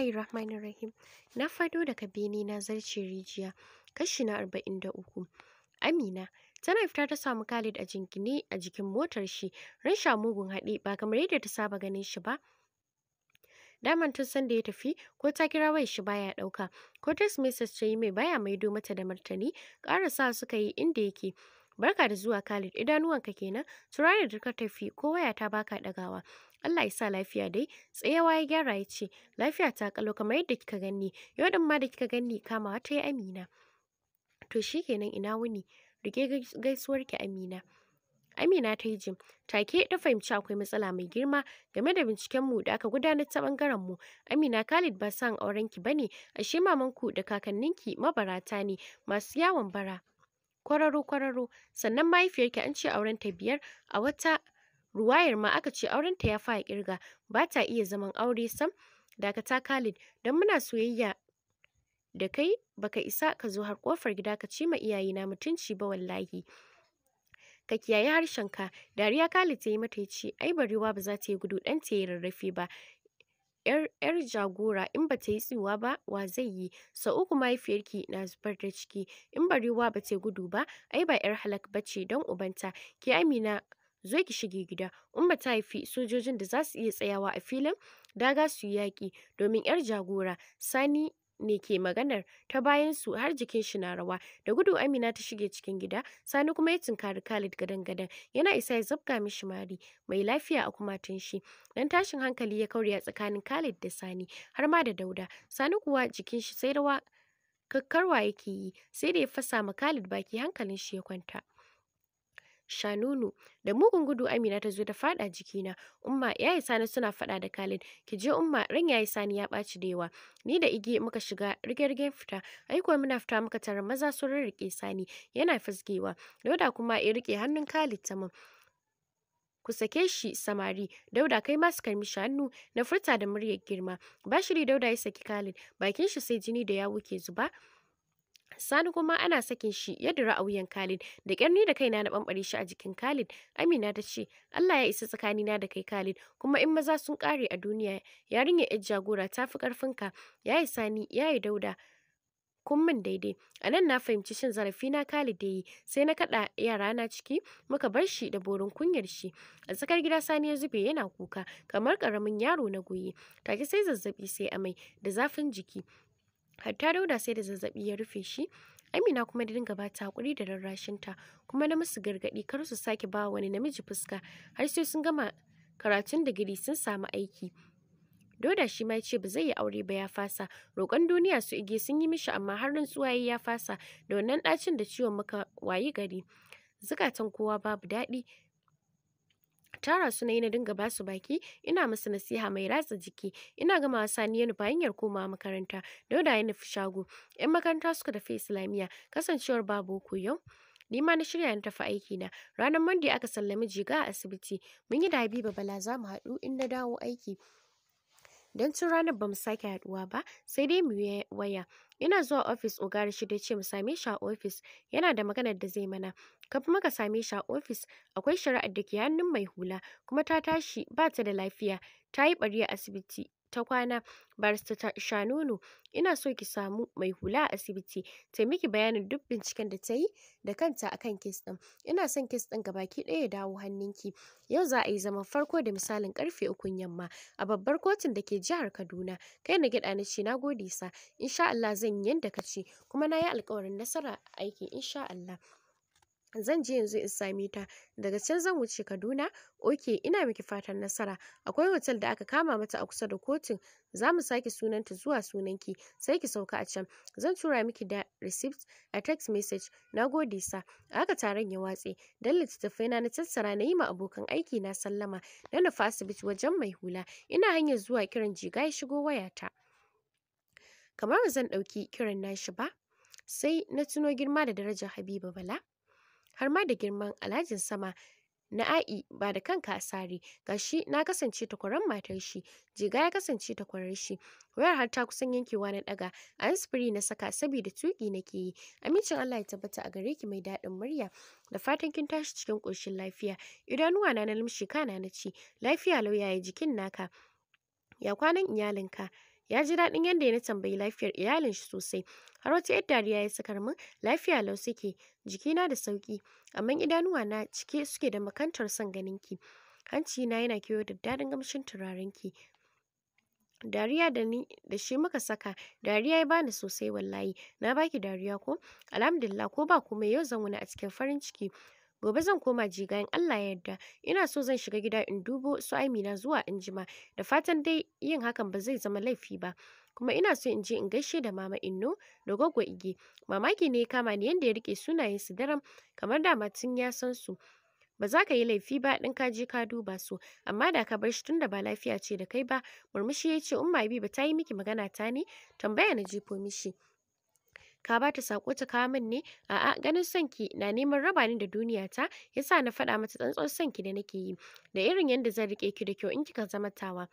Bismillahi Rahmanir Rahim. Na fado daga bene na zarce rijiya, kashi na arba'in da uku. Amina, tana fita ta samu Khalid a jingine a jikin motar shi, sha mugun haɗe ba kamar yadda ta saba ganin shi ba. Daman tun san da ya tafi, ko ta kira wai shi baya ɗauka, ko text ta yi mai baya maido mata da martani, ƙara sa suka yi inda yake. barka da zuwa Khalid idanuwanka kenan turare da ka tafi ko waya ta baka dagawa Allah ya sa lafiya dai tsayawa ya gyara ya ce lafiya ta kalo kamar yadda kika ganni yau din ma da kika ganni kamawa ta yi Amina to shi kenan ina wuni rike gaisuwar ki Amina Amina ta yi jim take ta fahimci akwai matsala mai girma game da binciken mu da aka gudanar ta bangaren mu Amina Khalid ba san aurenki ki bane ashe mamanku da kakanninki mabarata ne masu yawon bara kwararo kwararo sannan mahaifiyarki an ce auren ta biyar a wata ruwayar ma aka ce auren ta ya fara kirga ba ta iya zaman aure sam dakata Khalid don muna soyayya da kai baka isa ka zo har kofar gida ka ci ma iyayena mutunci ba wallahi ka kiyaye harshenka dariya Khalid ta yi mata ya ai barewa ba za ta yi gudu dan ta yi rarrafe ba 'yar jagora in ba ta yi tsiwa ba wa zai yi? Sau uku mahaifiyarki na zubar da ciki, in barewa ba ta yi gudu ba, ai ba 'yar halak ba ce don ubanta, ki Amina zo ki shige gida, ba ta haifi sojojin da za su iya tsayawa a filin daga su yaƙi domin 'yar jagora, Sani ne ke maganar ta bayan su har jikin shi na rawa da gudu Amina ta shige cikin gida Sani kuma ya tunkari Khalid gadan-gadan yana isa ya zabga mishi mari mai lafiya a kumatun shi dan tashin hankali ya kauriya tsakanin Khalid da Sani har ma da Dauda Sani kuwa jikin shi sai rawa kakkarwa yake yi sai da ya fasa ma Khalid baki hankalin shi ya kwanta Shanunu, da mugun gudu Amina ta zo ta fada jikina umma yayi sani suna fada da Khalid ki je umma ran yayi sani ya baci da yawa ni da Ige muka shiga rige-rigen fita ai ko muna fita muka tarar maza sun rike sani yana fasgewa Dauda kuma ya rike hannun Khalid mun ku sake shi samari dauda kai ma su karmi shanu. na furta da muryar girma bashiri dauda ya saki Khalid bakin shi sai jini da yawu ke zuba Sani kuma ana sakin shi ya dira a wuyan Khalid da kyarni da kaina na bambare shi a jikin Khalid. Amina ta ce, "Allah ya isa tsakani na da kai Khalid, kuma in maza sun kare a duniya, yarinyar 'yar jagora ta fi ya yayi Sani, yayi Dauda." kun min daidai a nan na fahimci shin zarafi na kali da yi sai na kaɗa yara na ciki muka bar shi da borin kunyar shi a tsakar gida sani ya zube yana kuka kamar karamin yaro na goyi take sai zazzabi sai amai da zafin jiki ta dauda sai da zazzabi ya rufe shi amina kuma da dinga bata hakuri da rarrashinta kuma na musu gargadi kar su sake ba wani namiji fuska har sai sun gama karatun digiri sun samu aiki Doda shi ma ce ba zai yi aure ba ya fasa. Roƙon duniya su ige sun yi mishi amma har rantsuwaye ya fasa da wannan ɗacin da ciwon muka wayi gari. Zukatan kowa babu daɗi tara su na yi na dinga ba su baki ina musu nasiha mai ratsa jiki ina gama sani ya nufa hanyar komawa makaranta dauda ya nufi shago yan makaranta suka tafi islamiyya kasancewar babu ku yau ni ma na shirya na tafi aiki na ranar monday aka sallami jiga a asibiti mun yi da habiba bala za mu haɗu in na dawo aiki don tun ranar ba mu sake haduwa ba sai dai mu yi waya ina zuwa ofis ogar shi da ce mu same shi a ofis yana da maganar da zai mana kafin muka same shi a ofis akwai shari'ar da ke hannun mai hula kuma ta tashi ba ta da lafiya ta yi ɓari a asibiti ta kwana barista Shanunu ina so ki samu mai hula a asibiti ta miki bayanin duk binciken da ta yi da kanta a kan kes ɗin ina son kes ɗin baki ɗaya ya dawo hannunki yau za a yi zaman farko da misalin karfe ukun yamma a babbar kotun da ke jihar Kaduna kai na gyaɗa na ce na gode sa insha Allah zan yi yanda ka ce kuma na yi alkawarin nasara aiki insha Allah zan je yanzu in same ta daga can zan wuce kaduna ok ina miki fatan nasara akwai hotel da aka kama mata a kusa da kotun za mu sake sunanta zuwa sunanki sai ki sauka a can zan tura miki da receipt a text message na gode sa aka taron ya watse dan littattafai na na tattara na yi ma abokan aiki na sallama na nufa asibiti wajen mai hula ina hanyar zuwa kiran jiga ya shigo wayata kamar ba zan ɗauki kiran nashi ba sai na tuno girma da darajar habiba bala har ma da girman Alhajin sama na ai ba da kanka a gashi ga shi na kasance takwaran matar shi Jega ya kasance takwarar shi wayar har ta kusan yankewa na daga a spiri na saka saboda tuki nake yi amincin Allah ya tabbata a gare ki mai daɗin murya da fatan kin tashi cikin ƙoshin lafiya idanuwa na na limshi kana na ci lafiya lauya ya jikin naka ya kwanan iyalinka ya ji daɗin yadda ya tambayi lafiyar iyalin shi sosai har wata yadda dariya ya sakar min lafiya lau suke jikina da sauki amma idanuwa na cike suke da makantar son ganin ki hanci na yana kewayo da daɗin gamshin turaren ki dariya da ni da shi muka saka dariya ya bani sosai wallahi na baki dariya ko alhamdulillah ko ba komai yau zan wani a cikin farin ciki Gobe zan koma Jiga in Allah ya yarda. Ina so zan shiga gida in dubo su Amina zuwa anjima. Da fatan dai yin hakan ba zai zama laifi ba. Kuma ina so in je in gaishe da Mama Inno da Goggo Ige. Mamaki ne kama ni yadda ya rike sunayen su daram kamar da matun ya san su. ba za ka yi laifi ba ɗin ka je ka duba su amma da ka bar shi tunda ba lafiya ce da kai ba murmushi ya ce umma ba ta yi miki magana ta ne tambaya na jefo mishi ka ba ta sako ta kawo min ne a'a ganin son ki na neman raba ni da duniya ta yasa na faɗa mata tsantsan son ki da nake yi da irin yadda zan rike ki da kyau in kika zama tawa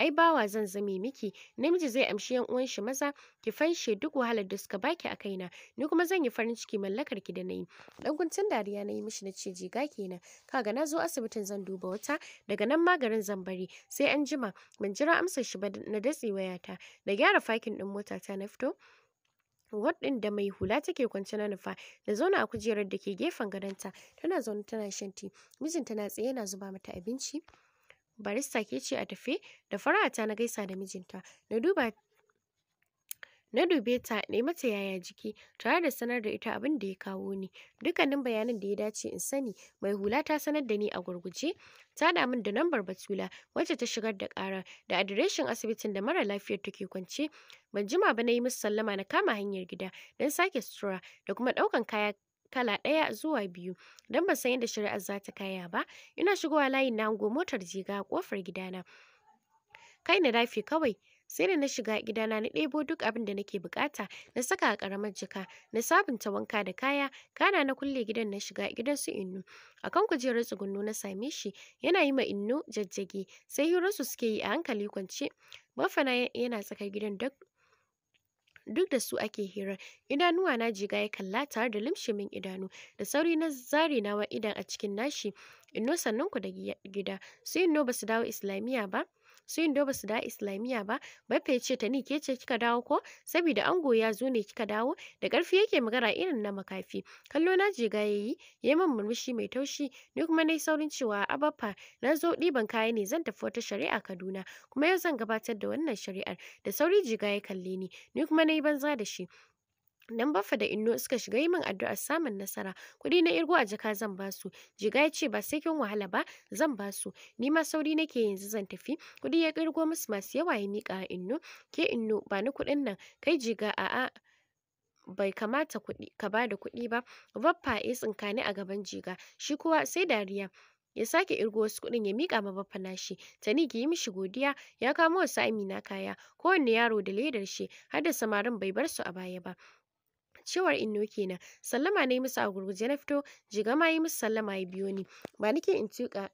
ai bawa zan zame miki namiji zai amshi yan uwan shi maza ki fanshe duk wahalar da suka baki a kaina ni kuma zan yi farin ciki mallakar ki da nayi dan guntun dariya nayi mishi na ce jiga kenan kaga na zo asibitin zan duba wata daga nan maganin zan bari sai an jima ban jira amsar shi ba na datse wayata da gyara fakin din ta na fito Ward ɗin da mai hula take kwance na nufa da zauna a kujerar da ke gefen gadonta tana zaune tana shan ti mijinta na tsaye yana zuba mata abinci barista ke ce a tafe da fara'a ta na gaisa da mijinta na duba Na dube ta na mata yaya jiki tare da sanar da ita abin da ya kawo ni. Dukkanin bayanan da ya dace in sani mai hula ta sanar da ni a gurguje ta da min da lambar batula wacce ta shigar da ƙara? da adireshin asibitin da mara lafiyar take kwance. Ban jima ba na yi musu sallama na kama hanyar gida don sake sutura da kuma ɗaukan kaya kala ɗaya zuwa biyu don ban san yadda shari'ar za ta kaya ba ina shigowa layin na hango motar jiga a ƙofar gidana kai na dafe kawai sai da na shiga gidana na ɗebo duk abin da nake bukata na saka a karamar jaka na sabunta wanka da kaya kana na kulle gidan na shiga gidan su innu akan kujerar tsugunno na same shi yana yi ma innu jajjage sai hirarsu suke yi a hankali kwance bafana yana tsakar gidan duk duk da su ake hira idanuwa na jiga ya kalla tare da limshe min idanu da sauri na zare nawa idan a cikin nashi inno sannan ku da gida su inno su dawo islamiyya ba su yin ba su da islamiyya ba baffa ya ce ta ni ke ce kika dawo ko saboda ango ya zo ne kika dawo da karfi yake magana irin na makafi kallo na je ga yayi yayi min murmushi mai taushi ni kuma nayi saurin cewa abafa na zo ɗiban kaya ne zan tafi wata shari'a Kaduna kuma yau zan gabatar da wannan shari'ar da sauri jiga ya kalle ni ni kuma nayi banza da shi nan baffa da inno suka shiga yi min addu'a samun nasara kuɗi na irgo a jaka zan basu jiga ya ce ba sai kin wahala ba zan basu ni ma sauri nake yanzu zan tafi kuɗi ya kirgo musu masu yawa ya miƙa inno ke inno ba ni kuɗin nan kai jiga a a bai kamata kuɗi ka da kuɗi ba baffa ya tsinkani a gaban jiga shi kuwa sai dariya ya sake irgo wasu kuɗin ya mika ma baffa nashi tani ki yi mishi godiya ya kamo wasu amina kaya kowanne yaro da ledar shi har da samarin bai bar su a baya ba cewar inno kenan sallama ne musu a gurguje na fito jiga ma yi musu sallama ya biyo ni ba nake in tuka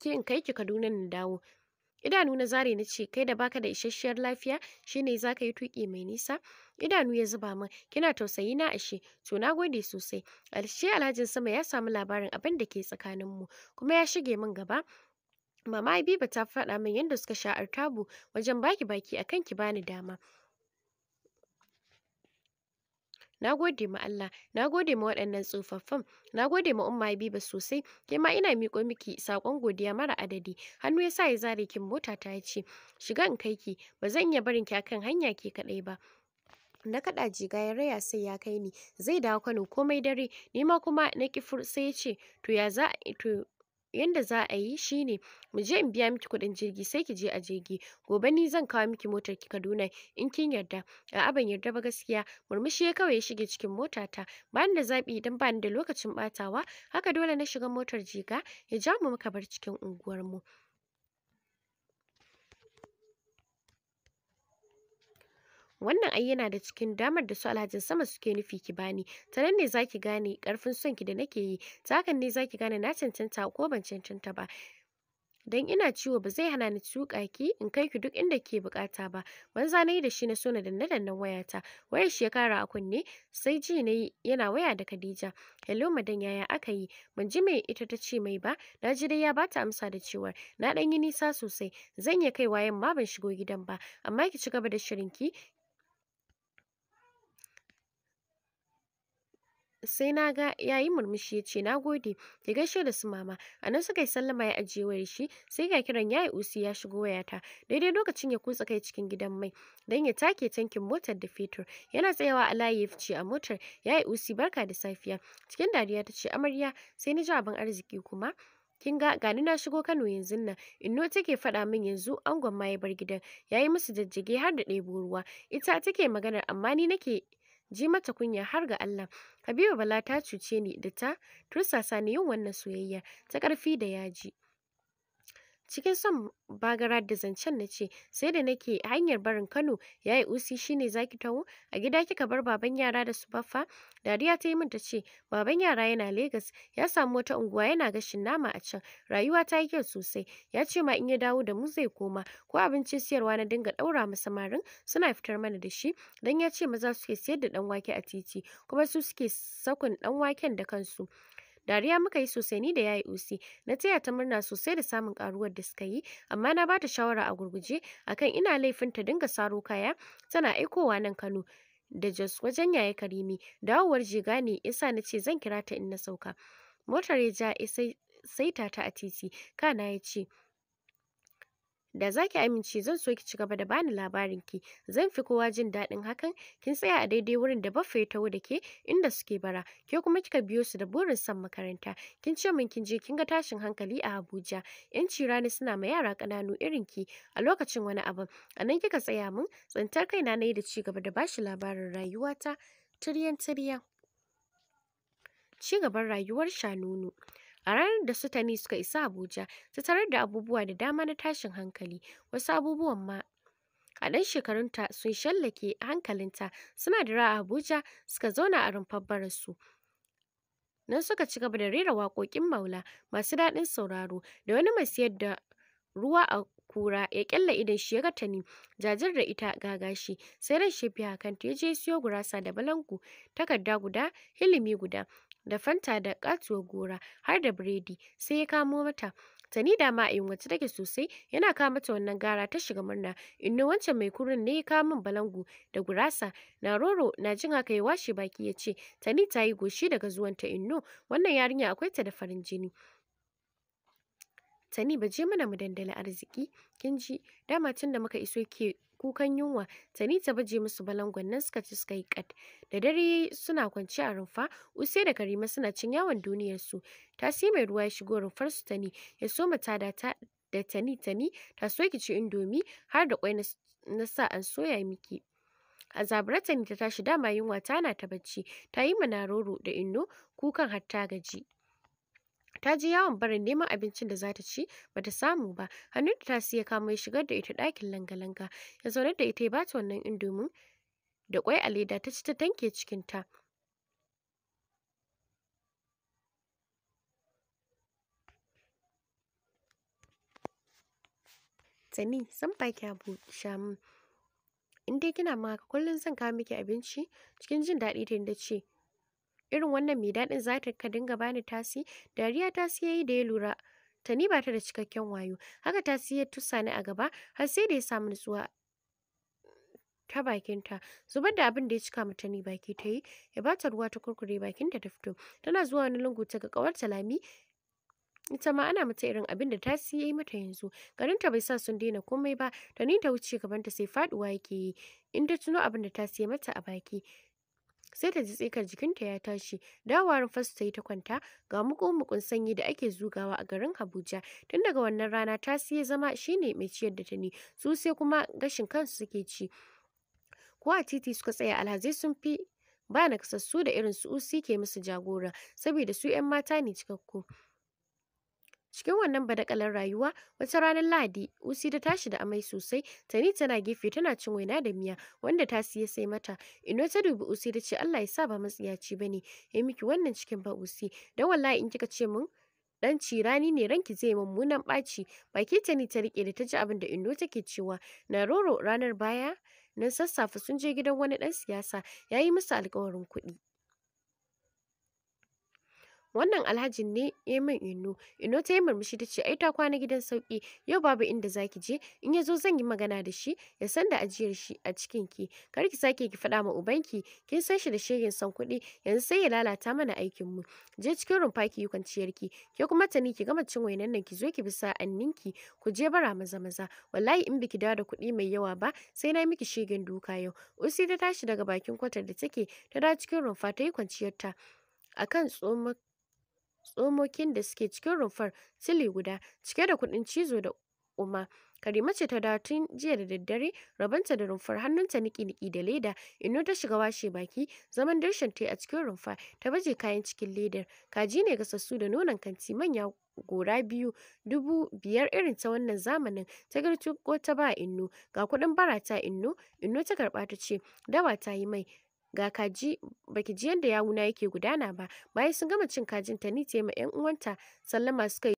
ki in kai ki Kaduna na dawo idanu na zare na ce kai da baka da isasshiyar lafiya za ka yi tuki mai nisa idanu ya zuba min kina tausayi na ashe to na gode sosai alshe alhajin sama ya samu labarin abin da ke tsakanin mu kuma ya shige min gaba mama ba ta faɗa min yadda suka sha'ar tabu wajen baki baki akan ki bani dama na gode ma Allah na gode ma waɗannan tsofaffin na gode ma umma Habiba sosai ke ma ina miƙo miki sakon godiya mara adadi hannu ya sa ya zare kin mota ta ce shiga in kai ki ba zan iya barin ki akan hanya ke kaɗai ba na kaɗa jiga ya raya sai ya kai ni zai dawo Kano komai dare ni ma kuma na kifur sai ya ce to ya za yanda za a yi shi ne mu je in biya miki kuɗin jirgi sai ki je a jirgi gobe ni zan kawo miki motar ki Kaduna in kin yarda a'a ban yarda ba gaskiya murmushi ya kawai ya shige cikin motata bayan da zaɓi idan bani da lokacin ɓatawa haka dole na shiga motar jiga ya ja mu muka bar cikin unguwar mu wannan ai yana da cikin damar da su alhajin sama suke nufi ki bani ta nan ne zaki gane karfin son ki da nake yi ta hakan ne zaki gane na cancanta ko ban cancanta ba dan ina ciwo ba zai hana ni tuka ki in kai ki duk inda ke bukata ba banza nayi da shi na so na danna dannan wayata wayar shi ya kara a kunne sai ji nayi yana waya da Khadija hello madan yaya aka yi ban ji mai ita ta ce mai ba na ji dai ya bata amsa da cewa na dan yi nisa sosai zan iya kai wayan ma ban shigo gidan ba amma ki ci gaba da shirin ki sai na ga ya yi murmushi ya ce na gode ki gaishe da su mama a nan suka yi sallama ya ajiye wayar shi sai ga kiran yayi usi ya shigo wayata daidai lokacin ya kutsa kai cikin gidan mai dan ya take tankin motar da fetur yana tsayawa a layi ya fice a motar yayi usi barka da safiya cikin dariya ta ce amarya sai na ji abin arziki kuma kin ga gani na shigo Kano yanzu nan inno take faɗa min yanzu angon ma ya bar gidan ya yi musu jajjage har da ɗebo ruwa ita take maganar amma ni nake ji mata kunya har ga Allah Habiba Bala ta cuce ni da ta tursasa ni yin wannan soyayya ta ƙarfi da yaji Cikin son bagara da zancen na ce, sai da nake hanyar barin Kano, ya yi usi shine zaki taho, a gida kika bar baban yara da su baffa. Dariya ta yi min ta ce, baban yara yana Legas, ya samu wata unguwa yana gashin nama a can, rayuwa ta yi kyau sosai, ya ce ma in ya dawo da mu zai koma, ko abincin siyarwa na dinga ɗaura ma samarin suna fitar mana da shi, don ya ce maza suke siyar da ɗan wake a titi, kuma su suke sakun ɗan waken da kansu. Dariya muka yi sosai ni da yayi usi. Na taya ta murna sosai da samun karuwar da suka yi, amma na bata shawara a gurguje akan ina laifin ta dinga saro kaya tana aikowa nan Kano. da Jos wajen yaya Karimi dawowar jiga ne yasa na ce zan kira ta in na sauka motar ya ja sai ta a titi kana ya ce da zaki amince zan so ki ci gaba da bani labarin ki zan fi kowa jin daɗin hakan kin tsaya a daidai wurin da baffa ya taho da ke inda suke bara ke kuma kika biyo su da burin san makaranta kin ce min kin je kin ga tashin hankali a Abuja yan rani suna ma yara kananu irin ki a lokacin wani abu. anan kika tsaya min Tsantar kaina na yi da ci gaba da bashi labarin rayuwata tiryan tiryan ci gaban rayuwar shanunu A ranar da su tani suka isa Abuja, su tarar da abubuwa da dama na tashin hankali, wasu abubuwan ma a ɗan shekarunta sun shallake hankalinta suna da ra'a Abuja suka zauna a rumfar barasu Nan suka ci gaba da rera waƙoƙin maula masu daɗin sauraro da wani mai siyar da ruwa a kura ya kyalla idan shi ya ga tani jajir da ita gagashi sai ran shefi hakan ya je siyo gurasa da balangu takarda guda hilimi guda da fanta da katuwar gora har da biredi sai ya kamo mata tani da ma in wacce take sosai yana kawo mata wannan gara ta shiga murna inno wancan mai kurin ne ya kawo min balangu da gurasa na roro na jin haka ya washe baki ya ce tani ta yi goshi daga zuwanta inno wannan yarinya akwai ta da farin jini Tani ba je mana mu dandali arziki kin ji dama tun da muka iso ke kukan yunwa tani ta baje musu balangon nan suka ci suka yi kat da dare suna kwance a rumfa usai da karima suna cin yawon duniyar su ta sai mai ruwa ya shigo rumfar su tani ya soma tada ta da tani tani ta soki ci indomi har da kwai na sa an soya miki a zaburata tani ta tashi dama yunwa tana ta bacci ta yi manaroro da inno kukan har ta gaji ta je yawon barin neman abincin da za ta ci ba ta samu ba hannun da ta siya kama ya shigar da ita ɗakin langa-langa ya zaunar da ita ya ba ta wannan indomin da kwai a leda ta ci ta tanke cikinta Sani, san baki abu shamu. In dai kina ma kullum zan kawo miki abinci cikin jin daɗi ta da ce, irin wannan mai daɗin za ta ka dinga bani tasi dariya tasi yi da ya lura tani ba ta da cikakken wayo haka tasi ya tusa ni a gaba har sai da ya samu nutsuwa ta bakinta zubar da abin da ya cika mata ni baki ta yi ya ba ta ruwa ta kurkure bakinta ta fito tana zuwa wani lungu ta ga kawarta lami ita ma ana mata irin abin da tasi ya yi mata yanzu garinta bai sa sun daina komai ba ta ni ta wuce gabanta sai faduwa yake yi in ta tuno abin da tasi ya mata a baki sai ta ji tsikar jikinta ya tashi dawowar fasu ta yi ta kwanta ga muku-mukun sanyi da ake zugawa a garin Abuja tun daga wannan rana ta siya zama shine mai ciyar da ta ne su sai kuma gashin kansu suke ci ko a titi suka tsaya alhazai sun fi ba na kasassu da irin su usi ke musu jagora saboda su 'yan mata ne cikakku Cikin wannan badakalar rayuwa, wata ranar Lahadi, Usi ta tashi da amai sosai, Tani tana gefe tana cin waina da miya, wanda ta siya sai mata. Ino ta dubi Usi ta ce Allah ya sa ba matsiyaci bane, ya miki wannan cikin ba Usi, don wallahi in kika ce mun dan cirani ne ranki zai mummunan ɓaci baki ta ni ta rike da ta ji abin da indo take cewa na roro ranar baya nan sassafe sun je gidan wani ɗan siyasa ya yi musu alkawarin kuɗi wannan alhajin ne ya min ino ino ta yi murmushi ta ce ai ta kwana gidan sauki yau babu inda za ki je in ya zo zan yi magana da shi ya san da ajiyar shi a cikin ki kar ki sake ki faɗa ma ubanki kin san shi da shegen san kuɗi yanzu sai ya lalata mana aikin mu je cikin rumfa ki yi kwanciyar ki ke kuma tani ki gama cin wainan nan ki zo ki bi sa'annin ki ku je bara maza maza wallahi in biki dawo da kuɗi mai yawa ba sai na miki shegen duka yau usi ta tashi daga bakin kwatar da take ta da cikin rumfa ta yi kwanciyarta ta akan tsoma tsomokin da suke cikin rumfar tili guda cike da kuɗin cizo da uma Karima ce ta dawo tun jiya da daddare rabanta da rumfar hannunta niki-niki da leda inu ta shiga washe baki zaman darshen ta a cikin rumfa ta baje kayan cikin ledar kaji ne gasassu da nonon kanti manya gora biyu dubu biyar irin ta wannan zamanin ta garci ko ta ba inu ga kuɗin barata ta inu inno ta karɓa ta ce dawa ta yi mai ga kaji baki ji yadda yawuna yake gudana ba bayan sun gama cin kajin ta ni ta yi ma yan uwanta sallama suka yi